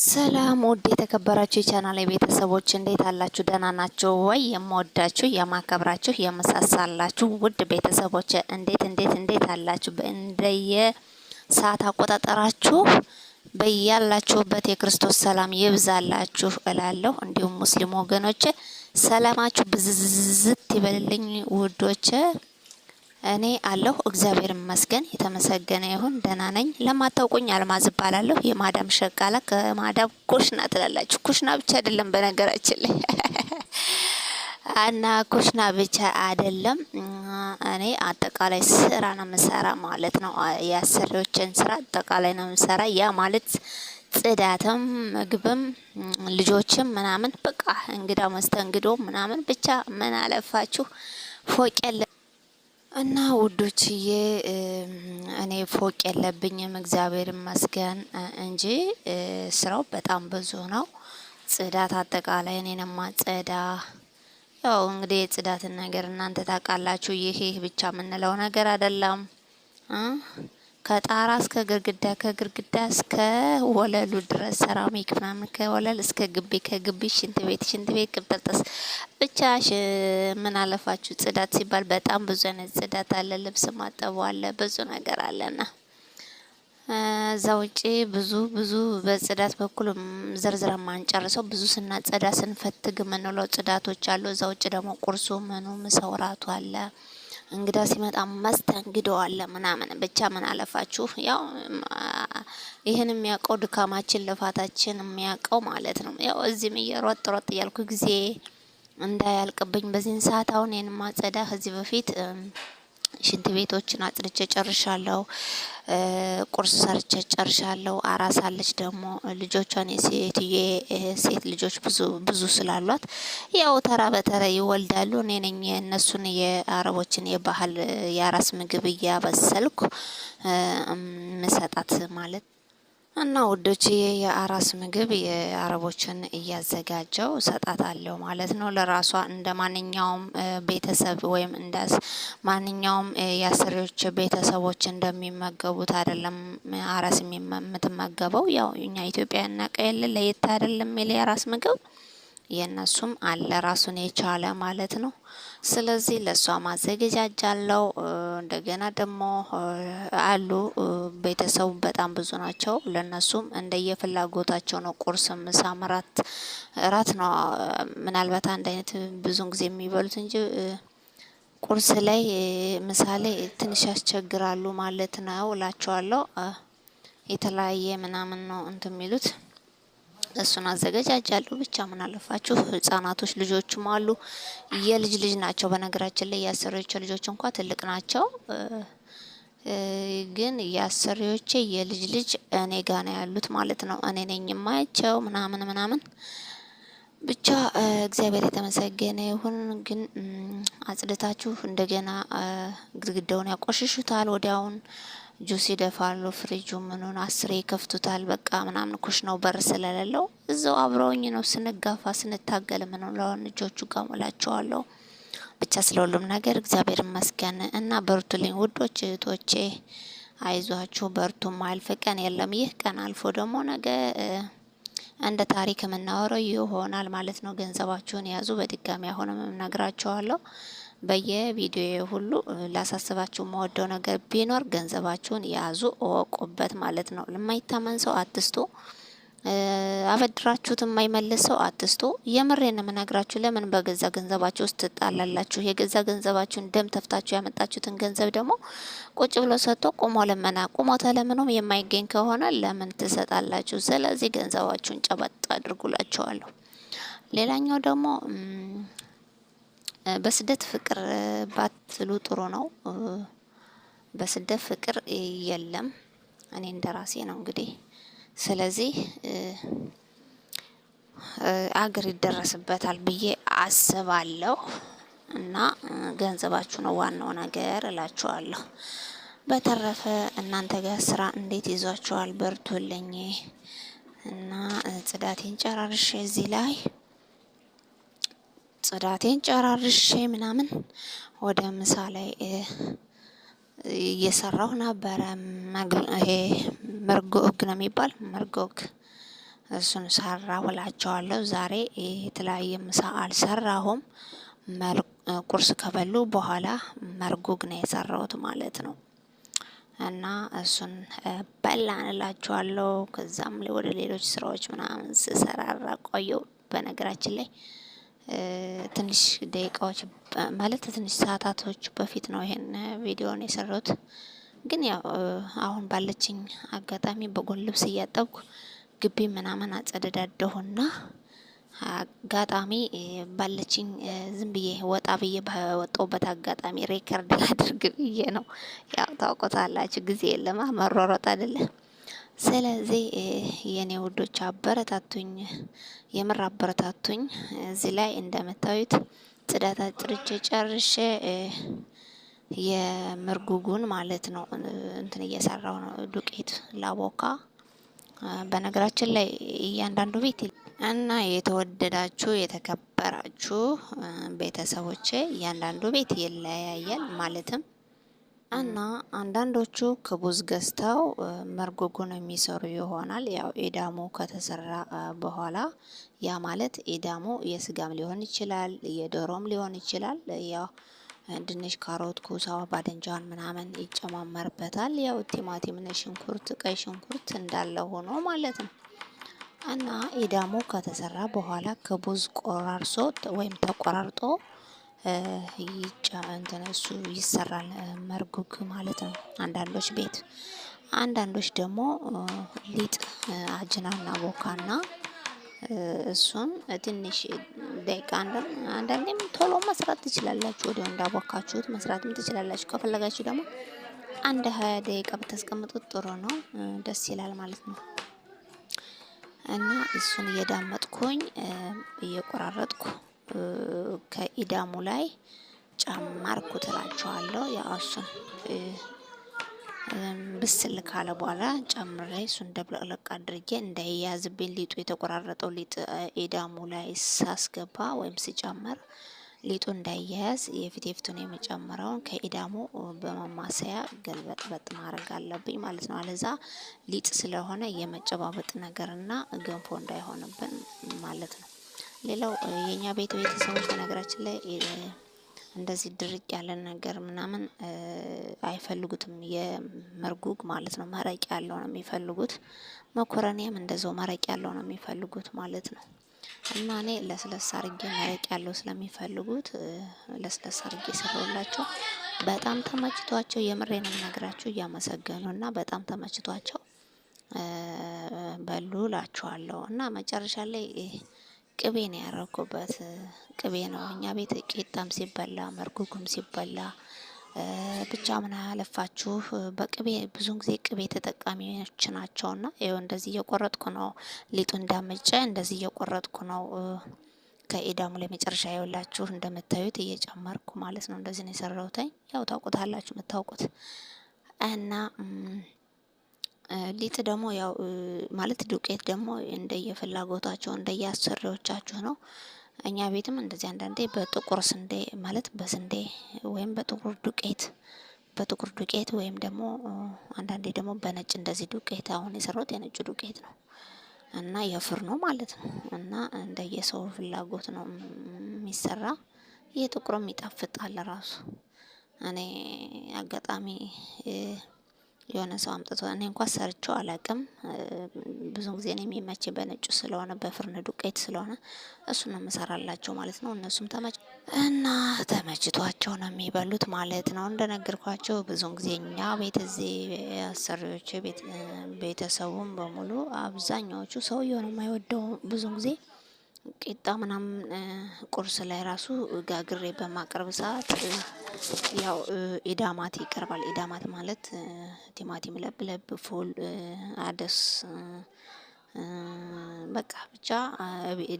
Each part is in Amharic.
ሰላም ውድ የተከበራችሁ የቻናል ቤተሰቦች እንዴት አላችሁ? ደህና ናችሁ ወይ? የምወዳችሁ የማከብራችሁ የመሳሳላችሁ ውድ ቤተሰቦች እንዴት እንዴት እንዴት አላችሁ? እንደየ ሰዓት አቆጣጠራችሁ በያላችሁበት የክርስቶስ ሰላም ይብዛላችሁ እላለሁ። እንዲሁም ሙስሊም ወገኖች ሰላማችሁ ብዝዝዝት ይበልልኝ ውዶች። እኔ አለሁ እግዚአብሔር ይመስገን የተመሰገነ ይሁን ደህና ነኝ። ለማታውቁኝ አልማዝ እባላለሁ። የማዳም ሸቃላ ከማዳም ኩሽና ትላላችሁ። ኩሽና ብቻ አይደለም በነገራችን ላይ እና ኩሽና ብቻ አይደለም እኔ አጠቃላይ ስራ ነው የምሰራ ማለት ነው። የአሰሪዎችን ስራ አጠቃላይ ነው የምሰራ። ያ ማለት ጽዳትም፣ ምግብም፣ ልጆችም ምናምን በቃ እንግዳ መስተንግዶ ምናምን ብቻ ምን አለፋችሁ ፎቅ እና ውዶችዬ እኔ ፎቅ የለብኝም እግዚአብሔር ይመስገን እንጂ ስራው በጣም ብዙ ነው። ጽዳት አጠቃላይ እኔንማ ጸዳ ያው እንግዲህ የጽዳትን ነገር እናንተ ታውቃላችሁ። ይሄ ብቻ የምንለው ነገር አይደለም። ከጣራ እስከ ግርግዳ ከግርግዳ እስከ ወለሉ ድረስ ሰራሚክ ምናምን ከወለል እስከ ግቢ ከግቢ ሽንት ቤት ሽንት ቤት ቅብጠልጠስ ብቻ ምን አለፋችሁ ጽዳት ሲባል በጣም ብዙ አይነት ጽዳት አለ። ልብስ ማጠቡ አለ፣ ብዙ ነገር አለና እዛ ውጪ ብዙ ብዙ በጽዳት በኩል ዝርዝር ማንጨርሰው ብዙ ስናጸዳ ስንፈትግ ምንለው ጽዳቶች አሉ። እዛ ውጭ ደግሞ ቁርሱ ምኑ ምሰውራቱ አለ። እንግዳ ሲመጣ መስተንግዶዋለ ምናምን ብቻ ምን አለፋችሁ ያው ይህን የሚያውቀው ድካማችን ልፋታችን የሚያውቀው ማለት ነው። ያው እዚህም እየሮጥ ሮጥ እያልኩ ጊዜ እንዳያልቅብኝ በዚህን ሰዓት አሁን ይህን ማጸዳ ከዚህ በፊት ሽንት ቤቶችን አጽድቼ ጨርሻለሁ። ቁርስ ሰርቼ ጨርሻለሁ። አራሳለች ደግሞ ልጆቿን የሴትዬ ሴት ልጆች ብዙ ብዙ ስላሏት ያው ተራ በተራ ይወልዳሉ። እኔ ነኝ እነሱን የአረቦችን የባህል የአራስ ምግብ እያበሰልኩ ምሰጣት ማለት እና ውዶች የአራስ ምግብ የአረቦችን እያዘጋጀው ሰጣት አለው ማለት ነው። ለራሷ እንደ ማንኛውም ቤተሰብ ወይም እንደ ማንኛውም የአስሪዎች ቤተሰቦች እንደሚመገቡት አይደለም አራስ የምትመገበው። ያው እኛ ኢትዮጵያ እና ለየት አይደለም የአራስ ምግብ የእነሱም አለ ራሱን የቻለ ማለት ነው። ስለዚህ ለእሷ ማዘገጃጃ አለው። እንደገና ደግሞ አሉ ቤተሰቡ በጣም ብዙ ናቸው። ለእነሱም እንደየፍላጎታቸው ነው። ቁርስ፣ ምሳ፣ እራት እራት ነው ምናልባት አንድ አይነት ብዙን ጊዜ የሚበሉት እንጂ ቁርስ ላይ ምሳሌ ትንሽ ያስቸግራሉ ማለት ነው እላቸዋለሁ። የተለያየ ምናምን ነው እንትን የሚሉት እሱን አዘገጃጃለሁ። ብቻ ምን አለፋችሁ ህጻናቶች ልጆችም አሉ፣ የልጅ ልጅ ናቸው። በነገራችን ላይ የአሰሪዎቼ ልጆች እንኳ ትልቅ ናቸው፣ ግን የአሰሪዎቼ የልጅ ልጅ እኔ ጋ ነው ያሉት ማለት ነው። እኔ ነኝ የማያቸው ምናምን ምናምን ብቻ እግዚአብሔር የተመሰገነ ይሁን። ግን አጽድታችሁ እንደገና ግድግዳውን ያቆሽሹታል ወዲያውን ጁስ ይደፋሉ። ፍሪጁ ምኑን አስሬ ይከፍቱታል። በቃ ምናምን ኩሽ ነው በር ስለሌለው እዛው አብረውኝ ነው ስንጋፋ ስንታገል ምኑ ለሆን ልጆቹ ጋር ሞላቸዋለሁ። ብቻ ስለሁሉም ነገር እግዚአብሔር ይመስገን እና በርቱልኝ ውዶች እህቶቼ፣ አይዟችሁ በርቱ። ማያልፍ ቀን የለም። ይህ ቀን አልፎ ደግሞ ነገ እንደ ታሪክ የምናወረው ይሆናል ማለት ነው። ገንዘባችሁን ያዙ። በድጋሚ አሁንም እነግራችኋለሁ። በየቪዲዮ ሁሉ ላሳስባችሁ መወደው ነገር ቢኖር ገንዘባችሁን ያዙ፣ እወቁበት ማለት ነው። ለማይታመን ሰው አትስቱ አበድራችሁት የማይመልስ ሰው አትስቱ። የምሬን የምነግራችሁ። ለምን በገዛ ገንዘባችሁ ውስጥ ትጣላላችሁ? የገዛ ገንዘባችሁን ደም ተፍታችሁ ያመጣችሁትን ገንዘብ ደግሞ ቁጭ ብሎ ሰጥቶ ቁሞ ለመና ቁሞ ተለምኖም የማይገኝ ከሆነ ለምን ትሰጣላችሁ? ስለዚህ ገንዘባችሁን ጨበጥ አድርጉላችኋለሁ። ሌላኛው ደግሞ በስደት ፍቅር ባትሉ ጥሩ ነው። በስደት ፍቅር የለም። እኔ እንደራሴ ነው እንግዲህ። ስለዚህ አገር ይደረስበታል ብዬ አስባለሁ። እና ገንዘባችሁ ነው ዋናው ነገር እላችኋለሁ። በተረፈ እናንተ ጋር ስራ እንዴት ይዟችኋል? በርቱልኝ እና ጽዳቴን ጨራርሼ እዚህ ላይ ጽዳቴን ጨራርሼ ምናምን ወደ ምሳ ላይ እየሰራሁ ነበረ። ይሄ መርጎግ ነው የሚባል መርጎግ፣ እሱን ሰራሁ እላቸዋለሁ። ዛሬ የተለያየ ምሳ አልሰራሁም። ቁርስ ከበሉ በኋላ መርጎግ ነው የሰራሁት ማለት ነው። እና እሱን በላን እላቸዋለሁ። ከዛም ወደ ሌሎች ስራዎች ምናምን ስሰራራ ቆየው። በነገራችን ላይ ትንሽ ደቂቃዎች ማለት ትንሽ ሰዓታቶች በፊት ነው ይሄን ቪዲዮን የሰራሁት። ግን ያው አሁን ባለችኝ አጋጣሚ በጎን ልብስ እያጠብኩ ግቢ ምናምን አጸደዳደሁና አጋጣሚ ባለችኝ ዝም ብዬ ወጣ ብዬ በወጣሁበት አጋጣሚ ሬከርድ ላድርግ ብዬ ነው። ያው ታውቆታላችሁ፣ ጊዜ የለማ መሯሯጥ አይደለም። ስለዚህ የኔ ውዶች አበረታቱኝ፣ የምር አበረታቱኝ። እዚህ ላይ እንደምታዩት ጽዳታ አጥርቼ ጨርሼ የምርጉጉን ማለት ነው እንትን እየሰራው ነው፣ ዱቄት ላቦካ። በነገራችን ላይ እያንዳንዱ ቤት እና የተወደዳችሁ የተከበራችሁ ቤተሰቦቼ እያንዳንዱ ቤት ይለያያል ማለትም እና አንዳንዶቹ ክቡዝ ገዝተው መርጎጎን የሚሰሩ ይሆናል። ያው ኢዳሙ ከተሰራ በኋላ ያ ማለት ኢዳሙ የስጋም ሊሆን ይችላል፣ የዶሮም ሊሆን ይችላል። ያው ድንሽ፣ ካሮት፣ ኩሳ፣ ባደንጃን ምናምን ይጨማመርበታል። ያው ቲማቲም፣ ሽንኩርት፣ ቀይ ሽንኩርት እንዳለ ሆኖ ማለት ነው። እና ኢዳሙ ከተሰራ በኋላ ክቡዝ ቆራርሶ ወይም ተቆራርጦ ይጫ ይሰራል መርጉግ ማለት ነው። አንዳንዶች ቤት አንዳንዶች ደግሞ ሊጥ አጅናና ቦካና እሱን ትንሽ ደቂቃ አንዳንዴም ቶሎ መስራት ትችላላችሁ። ወዲያው እንዳቦካችሁት መስራትም ትችላላችሁ። ከፈለጋችሁ ደግሞ አንድ ሀያ ደቂቃ ብታስቀምጡት ጥሩ ነው፣ ደስ ይላል ማለት ነው። እና እሱን እየዳመጥኩኝ እየቆራረጥኩ ከኢዳሙ ላይ ጨመርኩ ትላችኋለሁ። ያው እሱን ብስል ካለ በኋላ ጨምሬ እሱን ደብለቅለቅ አድርጌ እንዳይያዝብኝ ሊጡ የተቆራረጠው ሊጥ ኢዳሙ ላይ ሳስገባ ወይም ሲጨምር ሊጡ እንዳያያዝ የፊት የፊቱን የመጨመረውን ከኢዳሙ በማማሰያ ገልበጥበጥ ማድረግ አለብኝ ማለት ነው። አለዛ ሊጥ ስለሆነ የመጨባበጥ ነገርና ገንፎ እንዳይሆንብን ማለት ነው። ሌላው የእኛ ቤት ቤተሰቦች በነገራችን ላይ እንደዚህ ድርቅ ያለ ነገር ምናምን አይፈልጉትም። የመርጉግ ማለት ነው መረቅ ያለው ነው የሚፈልጉት። መኮረኒያም እንደዛው መረቅ ያለው ነው የሚፈልጉት ማለት ነው። እና እኔ ለስለስ አርጌ መረቅ ያለው ስለሚፈልጉት ለስለስ አርጌ ስለውላቸው በጣም ተመችቷቸው፣ የምሬን ነግራችሁ እያመሰገኑ እና በጣም ተመችቷቸው በሉ ላችኋለሁ እና መጨረሻ ላይ ቅቤ ነው ያረኩበት። ቅቤ ነው እኛ ቤት ቂጣም ሲበላ መርጉጉም ሲበላ ብቻ ምን አለፋችሁ በቅቤ ብዙን ጊዜ ቅቤ ተጠቃሚዎች ናቸውና ይኸው እንደዚህ እየቆረጥኩ ነው። ሊጡ እንዳመጨ እንደዚህ እየቆረጥኩ ነው። ከኢዳሙ ለመጨረሻ መጨረሻ ያውላችሁ እንደምታዩት እየጨመርኩ ማለት ነው። እንደዚህ ነው የሰራሁት። ያው ታውቁታላችሁ፣ የምታውቁት እና ሊጥ ደግሞ ያው ማለት ዱቄት ደግሞ እንደየፍላጎታቸው እንደየአሰሪዎቻችሁ ነው። እኛ ቤትም እንደዚህ አንዳንዴ በጥቁር ስንዴ ማለት በስንዴ ወይም በጥቁር ዱቄት በጥቁር ዱቄት ወይም ደግሞ አንዳንዴ ደግሞ በነጭ እንደዚህ ዱቄት አሁን የሰራሁት የነጭ ዱቄት ነው እና የፍር ነው ማለት ነው እና እንደየሰው ፍላጎት ነው የሚሰራ። ይህ ጥቁርም ይጣፍጣል ራሱ እኔ አጋጣሚ የሆነ ሰው አምጥቶ እኔ እንኳ ሰርቸው አላቅም። ብዙ ጊዜ ነው የሚመች በነጩ ስለሆነ በፍርን ዱቄት ስለሆነ እሱ ነው የምሰራላቸው ማለት ነው። እነሱም ተመች እና ተመችቷቸው ነው የሚበሉት ማለት ነው። እንደነገርኳቸው ብዙ ጊዜ እኛ ቤት እዚህ አሰሪዎች ቤተሰቡም በሙሉ አብዛኛዎቹ ሰው ነው የማይወደው ብዙ ጊዜ ቂጣ ምናምን ቁርስ ላይ ራሱ ጋግሬ በማቅረብ ሰዓት ያው ኢዳማት ይቀርባል። ኢዳማት ማለት ቲማቲም ለብለብ፣ ፉል፣ አደስ በቃ ብቻ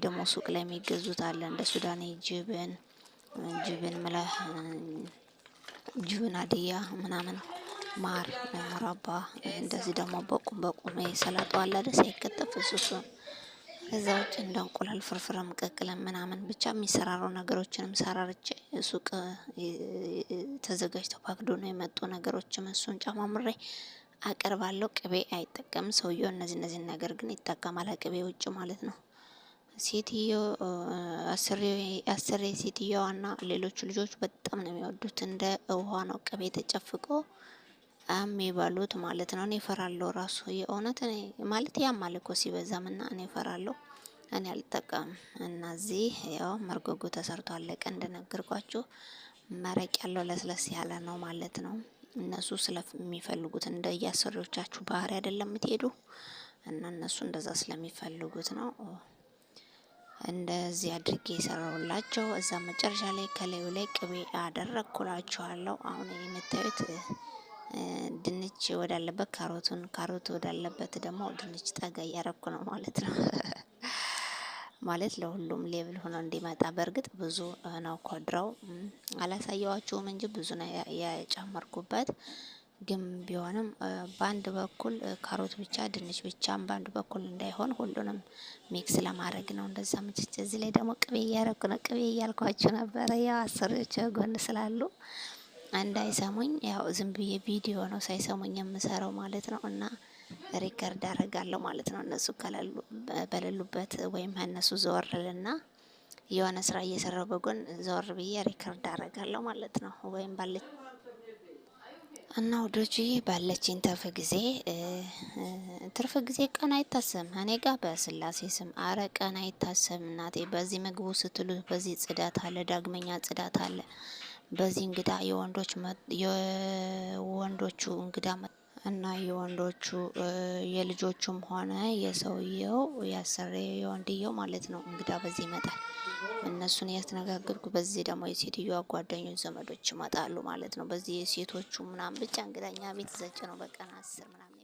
ደግሞ ሱቅ ላይ የሚገዙት አለ እንደ ሱዳኔ ጅብን ጅብን ምለህ ጅብን አድያ ምናምን ማር ሙራባ እንደዚህ ደግሞ በቁም በቁም ሰላጣው አለ ደስ አይከተፍ እሱ ከዛ ውጭ እንደ እንቁላል ፍርፍርም መቀቅለን ምናምን ብቻ የሚሰራሩ ነገሮችንም ሰራርቼ ሱቅ ተዘጋጅተው ፓክዶ ነው የመጡ ነገሮችም እሱን ጨማምሬ አቀርባለሁ። ቅቤ አይጠቀምም ሰውየው፣ እነዚህ እነዚህን ነገር ግን ይጠቀማል። ቅቤ ውጭ ማለት ነው። ሴትዮ አስሬ ሴትዮዋና ሌሎቹ ልጆች በጣም ነው የሚወዱት። እንደ ውሃ ነው ቅቤ ተጨፍቆ በጣም የባሉት ማለት ነው። እኔ እፈራለሁ ራሱ የእውነት ማለት ያ ማለኮ ሲበዛም እና እኔ እፈራለሁ። እኔ አልጠቀምም እና እዚህ ያው መርጎጎ ተሰርቶ አለቀ። እንደነገርኳችሁ መረቅ ያለው ለስለስ ያለ ነው ማለት ነው። እነሱ ስለሚፈልጉት እንደ የአሰሪዎቻችሁ ባህሪ አይደለም የምትሄዱ እና እነሱ እንደዛ ስለሚፈልጉት ነው እንደዚህ አድርጌ የሰራውላቸው። እዛ መጨረሻ ላይ ከላዩ ላይ ቅቤ አደረግኩላችኋለሁ። አሁን የምታዩት ድንች ወዳለበት ካሮቱን፣ ካሮት ወዳለበት ደግሞ ድንች ጠጋ እያረኩ ነው ማለት ነው። ማለት ለሁሉም ሌብል ሆኖ እንዲመጣ። በእርግጥ ብዙ ነው ኮድረው አላሳየዋችሁም እንጂ ብዙ ነው የጨመርኩበት ግን ቢሆንም በአንድ በኩል ካሮት ብቻ ድንች ብቻም በአንድ በኩል እንዳይሆን ሁሉንም ሚክስ ለማድረግ ነው። እንደዛ ምችች እዚህ ላይ ደግሞ ቅቤ እያረኩ ነው። ቅቤ እያልኳችሁ ነበረ። ያው አሰሪዎች ጎን ስላሉ እንዳይሰሙኝ ያው ዝም ብዬ ቪዲዮ ነው ሳይሰሙኝ የምሰራው ማለት ነው እና ሪከርድ አደርጋለሁ ማለት ነው። እነሱ በሌሉበት ወይም እነሱ ዘወር ልና የሆነ ስራ እየሰራው በጎን ዘወር ብዬ ሪከርድ አደርጋለሁ ማለት ነው። ወይም ባለች እና ውዶች ባለችኝ ትርፍ ጊዜ ትርፍ ጊዜ ቀን አይታሰብም። እኔ ጋ በስላሴ ስም አረ ቀን አይታሰብም እናቴ። በዚህ ምግቡ ስትሉ በዚህ ጽዳት አለ፣ ዳግመኛ ጽዳት አለ በዚህ እንግዳ የወንዶች የወንዶቹ እንግዳ እና የወንዶቹ የልጆቹም ሆነ የሰውየው ያሰሬ የወንድየው ማለት ነው እንግዳ በዚህ ይመጣል። እነሱን ያስተናጋግርኩ በዚህ ደግሞ የሴትዮዋ ጓደኞች ዘመዶች ይመጣሉ ማለት ነው። በዚህ የሴቶቹ ምናምን ብቻ እንግዳኛ ቤት ዘጭ ነው በቀን አስር ምናምን